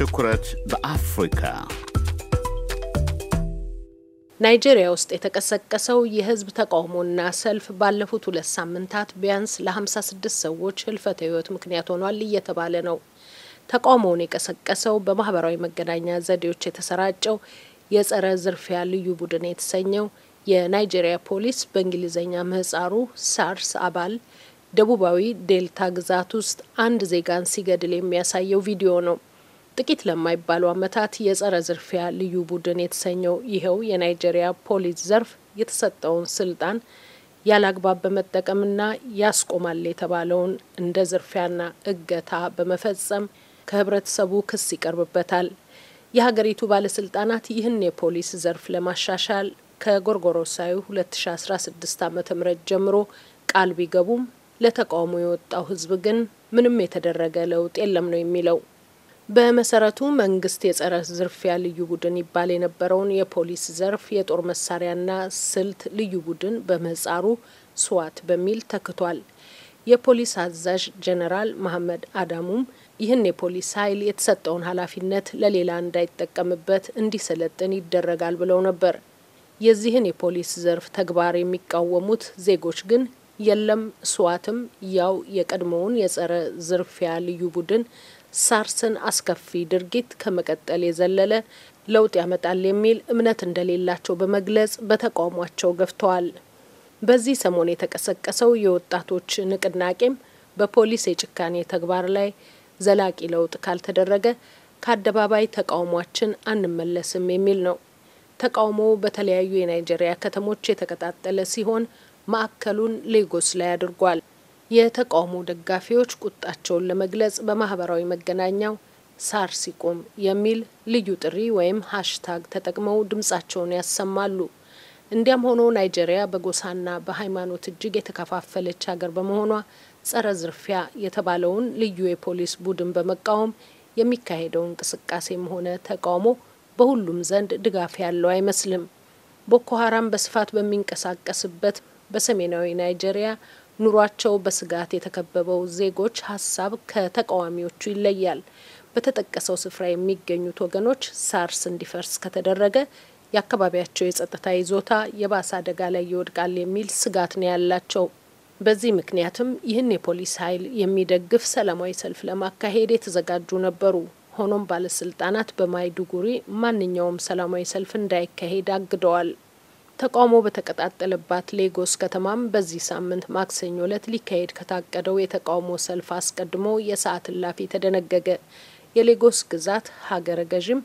ትኩረት በአፍሪካ ናይጄሪያ ውስጥ የተቀሰቀሰው የህዝብ ተቃውሞና ሰልፍ ባለፉት ሁለት ሳምንታት ቢያንስ ለ56 ሰዎች ህልፈተ ህይወት ምክንያት ሆኗል እየተባለ ነው። ተቃውሞውን የቀሰቀሰው በማህበራዊ መገናኛ ዘዴዎች የተሰራጨው የጸረ ዝርፊያ ልዩ ቡድን የተሰኘው የናይጄሪያ ፖሊስ በእንግሊዝኛ ምህጻሩ ሳርስ አባል ደቡባዊ ዴልታ ግዛት ውስጥ አንድ ዜጋን ሲገድል የሚያሳየው ቪዲዮ ነው። ጥቂት ለማይባሉ ዓመታት የጸረ ዝርፊያ ልዩ ቡድን የተሰኘው ይኸው የናይጄሪያ ፖሊስ ዘርፍ የተሰጠውን ስልጣን ያላግባብ በመጠቀምና ያስቆማል የተባለውን እንደ ዝርፊያና እገታ በመፈጸም ከህብረተሰቡ ክስ ይቀርብበታል። የሀገሪቱ ባለስልጣናት ይህን የፖሊስ ዘርፍ ለማሻሻል ከጎርጎሮሳዊ 2016 ዓ ም ጀምሮ ቃል ቢገቡም ለተቃውሞ የወጣው ህዝብ ግን ምንም የተደረገ ለውጥ የለም ነው የሚለው። በመሰረቱ መንግስት የጸረ ዝርፊያ ልዩ ቡድን ይባል የነበረውን የፖሊስ ዘርፍ የጦር መሳሪያና ስልት ልዩ ቡድን በምህጻሩ ስዋት በሚል ተክቷል። የፖሊስ አዛዥ ጀነራል መሐመድ አዳሙም ይህን የፖሊስ ኃይል የተሰጠውን ኃላፊነት ለሌላ እንዳይጠቀምበት እንዲሰለጥን ይደረጋል ብለው ነበር። የዚህን የፖሊስ ዘርፍ ተግባር የሚቃወሙት ዜጎች ግን የለም፣ ስዋትም ያው የቀድሞውን የጸረ ዝርፊያ ልዩ ቡድን ሳርስን አስከፊ ድርጊት ከመቀጠል የዘለለ ለውጥ ያመጣል የሚል እምነት እንደሌላቸው በመግለጽ በተቃውሟቸው ገፍተዋል። በዚህ ሰሞን የተቀሰቀሰው የወጣቶች ንቅናቄም በፖሊስ የጭካኔ ተግባር ላይ ዘላቂ ለውጥ ካልተደረገ ከአደባባይ ተቃውሟችን አንመለስም የሚል ነው። ተቃውሞው በተለያዩ የናይጄሪያ ከተሞች የተቀጣጠለ ሲሆን ማዕከሉን ሌጎስ ላይ አድርጓል። የተቃውሞ ደጋፊዎች ቁጣቸውን ለመግለጽ በማህበራዊ መገናኛው ሳር ሲቆም የሚል ልዩ ጥሪ ወይም ሀሽታግ ተጠቅመው ድምጻቸውን ያሰማሉ። እንዲያም ሆኖ ናይጄሪያ በጎሳና በሃይማኖት እጅግ የተከፋፈለች ሀገር በመሆኗ ጸረ ዝርፊያ የተባለውን ልዩ የፖሊስ ቡድን በመቃወም የሚካሄደው እንቅስቃሴም ሆነ ተቃውሞ በሁሉም ዘንድ ድጋፍ ያለው አይመስልም። ቦኮ ሀራም በስፋት በሚንቀሳቀስበት በሰሜናዊ ናይጄሪያ ኑሯቸው በስጋት የተከበበው ዜጎች ሀሳብ ከተቃዋሚዎቹ ይለያል። በተጠቀሰው ስፍራ የሚገኙት ወገኖች ሳርስ እንዲፈርስ ከተደረገ የአካባቢያቸው የጸጥታ ይዞታ የባሰ አደጋ ላይ ይወድቃል የሚል ስጋት ነው ያላቸው። በዚህ ምክንያትም ይህን የፖሊስ ኃይል የሚደግፍ ሰላማዊ ሰልፍ ለማካሄድ የተዘጋጁ ነበሩ። ሆኖም ባለስልጣናት በማይዱጉሪ ማንኛውም ሰላማዊ ሰልፍ እንዳይካሄድ አግደዋል። ተቃውሞ በተቀጣጠለባት ሌጎስ ከተማም በዚህ ሳምንት ማክሰኞ ዕለት ሊካሄድ ከታቀደው የተቃውሞ ሰልፍ አስቀድሞ የሰዓት እላፊ ተደነገገ። የሌጎስ ግዛት ሀገረ ገዥም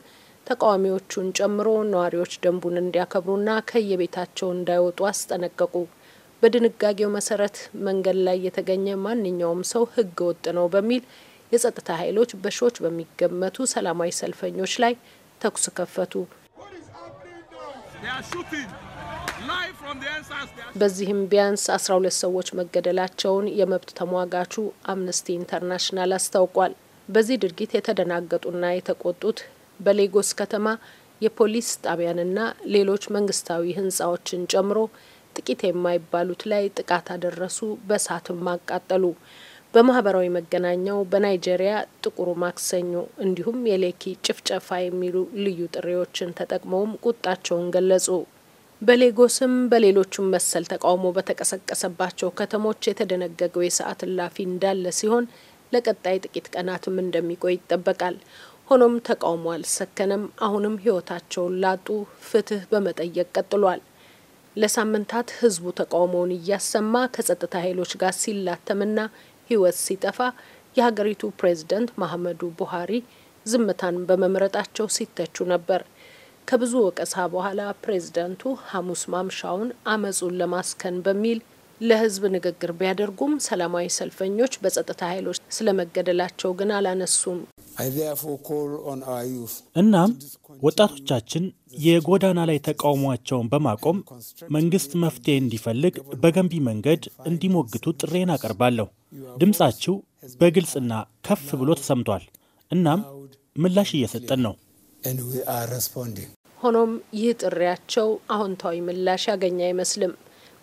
ተቃዋሚዎቹን ጨምሮ ነዋሪዎች ደንቡን እንዲያከብሩና ከየቤታቸው እንዳይወጡ አስጠነቀቁ። በድንጋጌው መሰረት መንገድ ላይ የተገኘ ማንኛውም ሰው ሕገ ወጥ ነው በሚል የጸጥታ ኃይሎች በሺዎች በሚገመቱ ሰላማዊ ሰልፈኞች ላይ ተኩስ ከፈቱ። በዚህም ቢያንስ ሁለት ሰዎች መገደላቸውን የመብት ተሟጋቹ አምነስቲ ኢንተርናሽናል አስታውቋል። በዚህ ድርጊት የተደናገጡና የተቆጡት በሌጎስ ከተማ የፖሊስ ጣቢያንና ሌሎች መንግስታዊ ህንጻዎችን ጨምሮ ጥቂት የማይባሉት ላይ ጥቃት አደረሱ፣ በእሳትም አቃጠሉ። በማህበራዊ መገናኛው በናይጄሪያ ጥቁሩ ማክሰኞ እንዲሁም የሌኪ ጭፍጨፋ የሚሉ ልዩ ጥሪዎችን ተጠቅመውም ቁጣቸውን ገለጹ። በሌጎስም በሌሎቹም መሰል ተቃውሞ በተቀሰቀሰባቸው ከተሞች የተደነገገው የሰዓት እላፊ እንዳለ ሲሆን ለቀጣይ ጥቂት ቀናትም እንደሚቆይ ይጠበቃል። ሆኖም ተቃውሞ አልሰከነም። አሁንም ሕይወታቸውን ላጡ ፍትህ በመጠየቅ ቀጥሏል። ለሳምንታት ህዝቡ ተቃውሞውን እያሰማ ከጸጥታ ኃይሎች ጋር ሲላተምና ህይወት ሲጠፋ የሀገሪቱ ፕሬዝደንት መሐመዱ ቡሃሪ ዝምታን በመምረጣቸው ሲተቹ ነበር። ከብዙ ወቀሳ በኋላ ፕሬዝደንቱ ሐሙስ ማምሻውን አመጹን ለማስከን በሚል ለህዝብ ንግግር ቢያደርጉም ሰላማዊ ሰልፈኞች በጸጥታ ኃይሎች ስለመገደላቸው ግን አላነሱም። እናም ወጣቶቻችን የጎዳና ላይ ተቃውሟቸውን በማቆም መንግስት መፍትሄ እንዲፈልግ በገንቢ መንገድ እንዲሞግቱ ጥሬን አቀርባለሁ። ድምፃችሁ በግልጽና ከፍ ብሎ ተሰምቷል። እናም ምላሽ እየሰጠን ነው። ሆኖም ይህ ጥሪያቸው አዎንታዊ ምላሽ ያገኘ አይመስልም።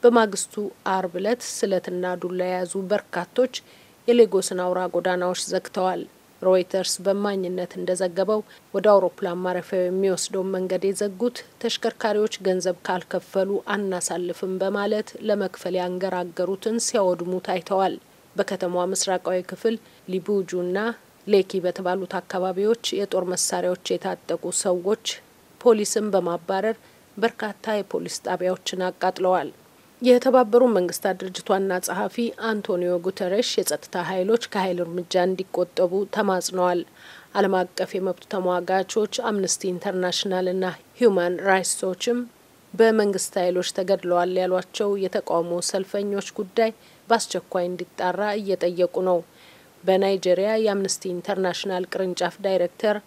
በማግስቱ አርብ ዕለት ስለትና ዱላ የያዙ በርካቶች የሌጎስን አውራ ጎዳናዎች ዘግተዋል። ሮይተርስ በማኝነት እንደዘገበው ወደ አውሮፕላን ማረፊያው የሚወስደውን መንገድ የዘጉት ተሽከርካሪዎች ገንዘብ ካልከፈሉ አናሳልፍም በማለት ለመክፈል ያንገራገሩትን ሲያወድሙ ታይተዋል። በከተማዋ ምስራቃዊ ክፍል ሊቡጁና ሌኪ በተባሉት አካባቢዎች የጦር መሳሪያዎች የታጠቁ ሰዎች ፖሊስን በማባረር በርካታ የፖሊስ ጣቢያዎችን አቃጥለዋል። የተባበሩ መንግስታት ድርጅት ዋና ጸሐፊ አንቶኒዮ ጉተረሽ የጸጥታ ኃይሎች ከኃይል እርምጃ እንዲቆጠቡ ተማጽነዋል። ዓለም አቀፍ የመብት ተሟጋቾች አምነስቲ ኢንተርናሽናልና ሂዩማን ራይትስ ዎችም በመንግስት ኃይሎች ተገድለዋል ያሏቸው የተቃውሞ ሰልፈኞች ጉዳይ በአስቸኳይ እንዲጣራ እየጠየቁ ነው። በናይጄሪያ የአምነስቲ ኢንተርናሽናል ቅርንጫፍ ዳይሬክተር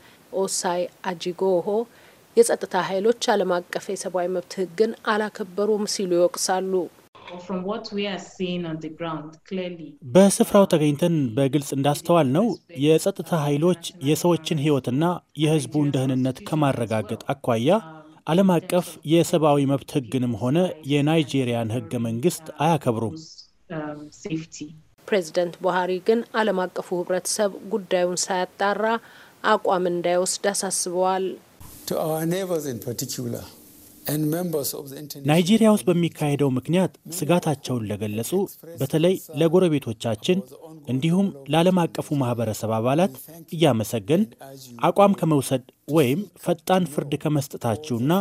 ኦሳይ አጂጎሆ የጸጥታ ኃይሎች ዓለም አቀፍ የሰብአዊ መብት ሕግን አላከበሩም ሲሉ ይወቅሳሉ። በስፍራው ተገኝተን በግልጽ እንዳስተዋል ነው የጸጥታ ኃይሎች የሰዎችን ሕይወትና የሕዝቡን ደህንነት ከማረጋገጥ አኳያ ዓለም አቀፍ የሰብአዊ መብት ሕግንም ሆነ የናይጄሪያን ሕገ መንግስት አያከብሩም። um, ፕሬዚደንት ቡሃሪ ግን ዓለም አቀፉ ህብረተሰብ ጉዳዩን ሳያጣራ አቋም እንዳይወስድ አሳስበዋል። ናይጄሪያ ውስጥ በሚካሄደው ምክንያት ስጋታቸውን ለገለጹ በተለይ ለጎረቤቶቻችን እንዲሁም ለዓለም አቀፉ ማህበረሰብ አባላት እያመሰገን አቋም ከመውሰድ ወይም ፈጣን ፍርድ ከመስጠታችሁና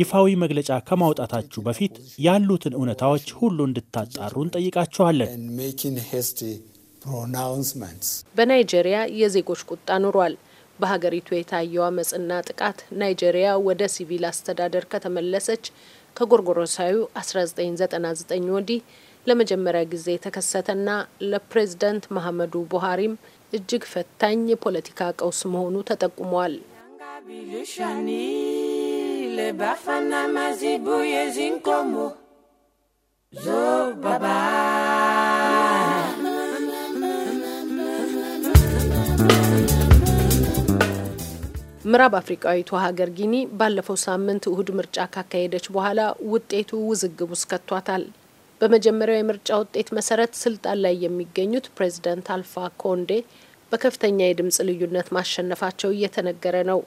ይፋዊ መግለጫ ከማውጣታችሁ በፊት ያሉትን እውነታዎች ሁሉ እንድታጣሩ እንጠይቃችኋለን። በናይጄሪያ የዜጎች ቁጣ ኑሯል። በሀገሪቱ የታየው አመፅና ጥቃት ናይጄሪያ ወደ ሲቪል አስተዳደር ከተመለሰች ከጎርጎሮሳዊ 1999 ወዲህ ለመጀመሪያ ጊዜ የተከሰተና ለፕሬዝዳንት መሐመዱ ቡሃሪም እጅግ ፈታኝ የፖለቲካ ቀውስ መሆኑ ተጠቁሟል። ዞ ባባ ምዕራብ አፍሪቃዊቱ ሀገር ጊኒ ባለፈው ሳምንት እሁድ ምርጫ ካካሄደች በኋላ ውጤቱ ውዝግብ ውስጥ ከቷታል። በመጀመሪያው የምርጫ ውጤት መሰረት ስልጣን ላይ የሚገኙት ፕሬዚደንት አልፋ ኮንዴ በከፍተኛ የድምፅ ልዩነት ማሸነፋቸው እየተነገረ ነው።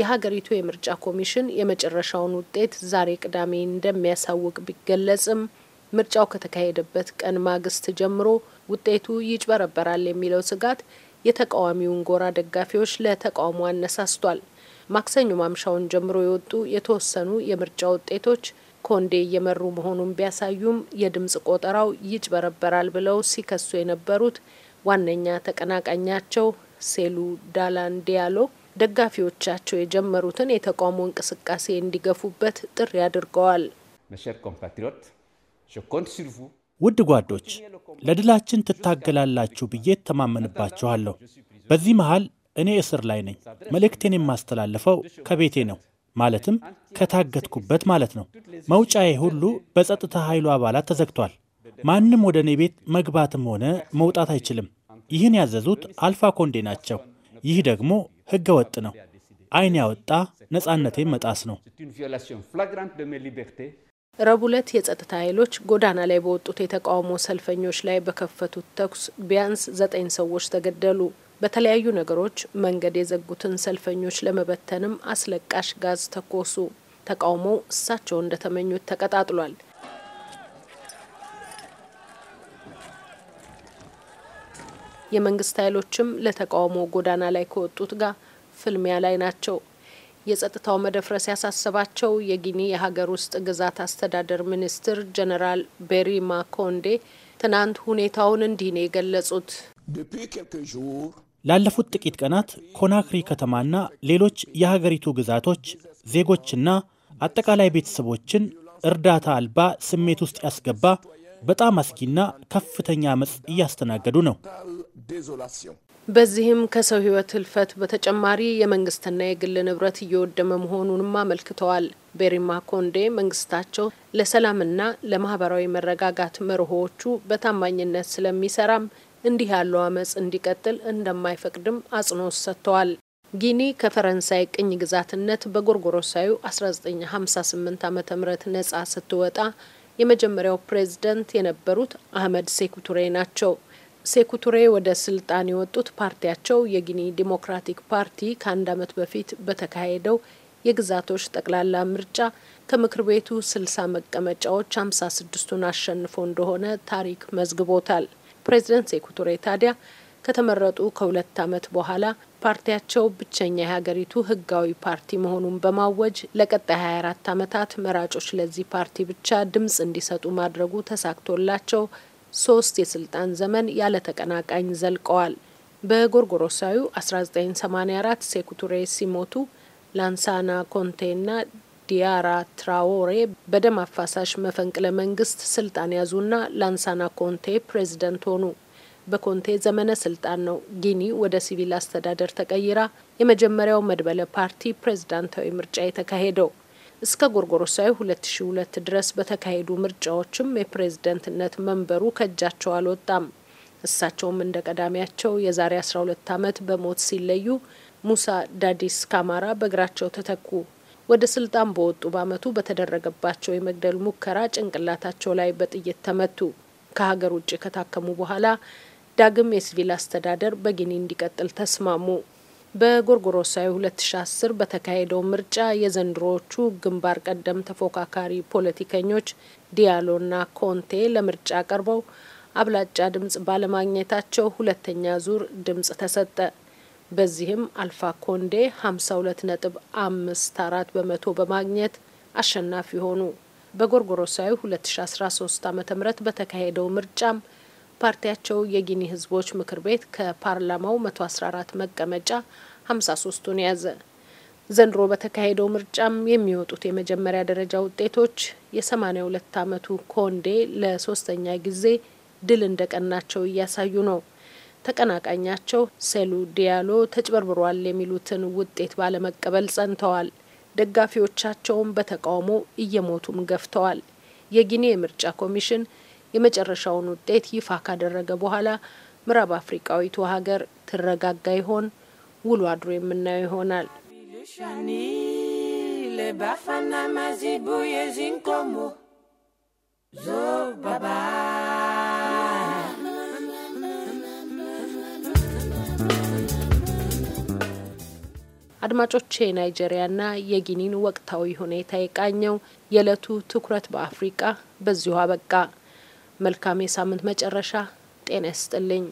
የሀገሪቱ የምርጫ ኮሚሽን የመጨረሻውን ውጤት ዛሬ ቅዳሜ እንደሚያሳውቅ ቢገለጽም ምርጫው ከተካሄደበት ቀን ማግስት ጀምሮ ውጤቱ ይጭበረበራል የሚለው ስጋት የተቃዋሚውን ጎራ ደጋፊዎች ለተቃውሞ አነሳስቷል። ማክሰኞ ማምሻውን ጀምሮ የወጡ የተወሰኑ የምርጫ ውጤቶች ኮንዴ እየመሩ መሆኑን ቢያሳዩም የድምጽ ቆጠራው ይጭበረበራል ብለው ሲከሱ የነበሩት ዋነኛ ተቀናቃኛቸው ሴሉ ዳላን ዲያሎ ደጋፊዎቻቸው የጀመሩትን የተቃውሞ እንቅስቃሴ እንዲገፉበት ጥሪ አድርገዋል። ውድ ጓዶች ለድላችን ትታገላላችሁ ብዬ ተማመንባችኋለሁ። በዚህ መሃል እኔ እስር ላይ ነኝ። መልእክቴን የማስተላለፈው ከቤቴ ነው፣ ማለትም ከታገትኩበት ማለት ነው። መውጫዬ ሁሉ በጸጥታ ኃይሉ አባላት ተዘግቷል። ማንም ወደ እኔ ቤት መግባትም ሆነ መውጣት አይችልም። ይህን ያዘዙት አልፋ ኮንዴ ናቸው። ይህ ደግሞ ሕገ ወጥ ነው። ዓይን ያወጣ ነፃነቴን መጣስ ነው። ረቡዕ ዕለት የጸጥታ ኃይሎች ጎዳና ላይ በወጡት የተቃውሞ ሰልፈኞች ላይ በከፈቱት ተኩስ ቢያንስ ዘጠኝ ሰዎች ተገደሉ። በተለያዩ ነገሮች መንገድ የዘጉትን ሰልፈኞች ለመበተንም አስለቃሽ ጋዝ ተኮሱ። ተቃውሞው እሳቸው እንደተመኙት ተቀጣጥሏል። የመንግስት ኃይሎችም ለተቃውሞ ጎዳና ላይ ከወጡት ጋር ፍልሚያ ላይ ናቸው። የጸጥታው መደፍረስ ያሳሰባቸው የጊኒ የሀገር ውስጥ ግዛት አስተዳደር ሚኒስትር ጀነራል ቤሪ ማኮንዴ ትናንት ሁኔታውን እንዲህ ነው የገለጹት። ላለፉት ጥቂት ቀናት ኮናክሪ ከተማና ሌሎች የሀገሪቱ ግዛቶች ዜጎችና አጠቃላይ ቤተሰቦችን እርዳታ አልባ ስሜት ውስጥ ያስገባ በጣም አስጊና ከፍተኛ አመፅ እያስተናገዱ ነው። በዚህም ከሰው ሕይወት ህልፈት በተጨማሪ የመንግስትና የግል ንብረት እየወደመ መሆኑንም አመልክተዋል። ቤሪማ ኮንዴ መንግስታቸው ለሰላምና ለማህበራዊ መረጋጋት መርሆዎቹ በታማኝነት ስለሚሰራም እንዲህ ያለው አመፅ እንዲቀጥል እንደማይፈቅድም አጽንኦት ሰጥተዋል። ጊኒ ከፈረንሳይ ቅኝ ግዛትነት በጎርጎሮሳዩ 1958 ዓ ም ነጻ ስትወጣ የመጀመሪያው ፕሬዝደንት የነበሩት አህመድ ሴኩቱሬ ናቸው። ሴኩቱሬ ወደ ስልጣን የወጡት ፓርቲያቸው የጊኒ ዲሞክራቲክ ፓርቲ ከአንድ አመት በፊት በተካሄደው የግዛቶች ጠቅላላ ምርጫ ከምክር ቤቱ ስልሳ መቀመጫዎች ሀምሳ ስድስቱን አሸንፎ እንደሆነ ታሪክ መዝግቦታል። ፕሬዚደንት ሴኩቱሬ ታዲያ ከተመረጡ ከሁለት አመት በኋላ ፓርቲያቸው ብቸኛ የሀገሪቱ ህጋዊ ፓርቲ መሆኑን በማወጅ ለቀጣይ 24 አመታት መራጮች ለዚህ ፓርቲ ብቻ ድምጽ እንዲሰጡ ማድረጉ ተሳክቶላቸው ሶስት የስልጣን ዘመን ያለ ተቀናቃኝ ዘልቀዋል። በጎርጎሮሳዊ 1984 ሴኩቱሬ ሲሞቱ ላንሳና ኮንቴ ና ዲያራ ትራዎሬ በደም አፋሳሽ መፈንቅለ መንግስት ስልጣን ያዙና ላንሳና ኮንቴ ፕሬዝደንት ሆኑ። በኮንቴ ዘመነ ስልጣን ነው ጊኒ ወደ ሲቪል አስተዳደር ተቀይራ የመጀመሪያው መድበለ ፓርቲ ፕሬዝዳንታዊ ምርጫ የተካሄደው። እስከ ጎርጎሮሳዊ 2002 ድረስ በተካሄዱ ምርጫዎችም የፕሬዝደንትነት መንበሩ ከእጃቸው አልወጣም። እሳቸውም እንደ ቀዳሚያቸው የዛሬ 12 ዓመት በሞት ሲለዩ ሙሳ ዳዲስ ካማራ በእግራቸው ተተኩ። ወደ ስልጣን በወጡ በአመቱ በተደረገባቸው የመግደል ሙከራ ጭንቅላታቸው ላይ በጥይት ተመቱ። ከሀገር ውጭ ከታከሙ በኋላ ዳግም የሲቪል አስተዳደር በጊኒ እንዲቀጥል ተስማሙ። በጎርጎሮሳዊ 2010 በተካሄደው ምርጫ የዘንድሮዎቹ ግንባር ቀደም ተፎካካሪ ፖለቲከኞች ዲያሎና ኮንቴ ለምርጫ ቀርበው አብላጫ ድምጽ ባለማግኘታቸው ሁለተኛ ዙር ድምጽ ተሰጠ። በዚህም አልፋ ኮንዴ 52 ነጥብ 54 በመቶ በማግኘት አሸናፊ ሆኑ። በጎርጎሮሳዊ 2013 ዓ ም በተካሄደው ምርጫም ፓርቲያቸው የጊኒ ህዝቦች ምክር ቤት ከፓርላማው 114 መቀመጫ 53ቱን ያዘ። ዘንድሮ በተካሄደው ምርጫም የሚወጡት የመጀመሪያ ደረጃ ውጤቶች የ82 ዓመቱ ኮንዴ ለሶስተኛ ጊዜ ድል እንደቀናቸው እያሳዩ ነው። ተቀናቃኛቸው ሴሉ ዲያሎ ተጭበርብሯል የሚሉትን ውጤት ባለመቀበል ጸንተዋል። ደጋፊዎቻቸውም በተቃውሞ እየሞቱም ገፍተዋል። የጊኒ የምርጫ ኮሚሽን የመጨረሻውን ውጤት ይፋ ካደረገ በኋላ ምዕራብ አፍሪቃዊቱ ሀገር ትረጋጋ ይሆን? ውሎ አድሮ የምናየው ይሆናል። አድማጮቼ ማዚቡ ና የናይጄሪያና የጊኒን ወቅታዊ ሁኔታ የቃኘው የዕለቱ ትኩረት በአፍሪቃ በዚሁ አበቃ። መልካም የሳምንት መጨረሻ ጤና ይስጥልኝ።